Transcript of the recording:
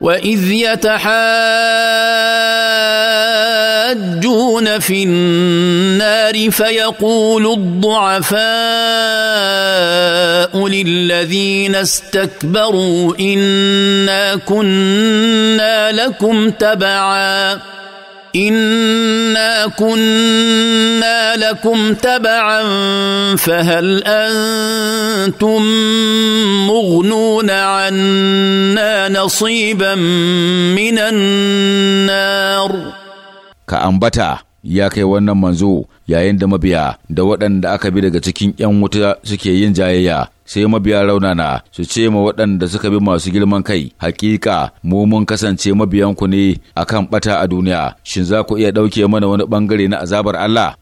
واذ يتحاجون في النار فيقول الضعفاء للذين استكبروا انا كنا لكم تبعا انا كنا لكم تبعا فهل انتم مغنون عنا لنا نصيبا من النار كأنبتا يا كي wannan manzo yayin da mabiya da waɗanda aka bi daga cikin 'yan wuta suke yin jayayya sai mabiya raunana su ce ma waɗanda suka bi masu girman kai hakika mu mun kasance mabiyanku ne a kan bata a duniya shin za ku iya ɗauke mana wani ɓangare na azabar Allah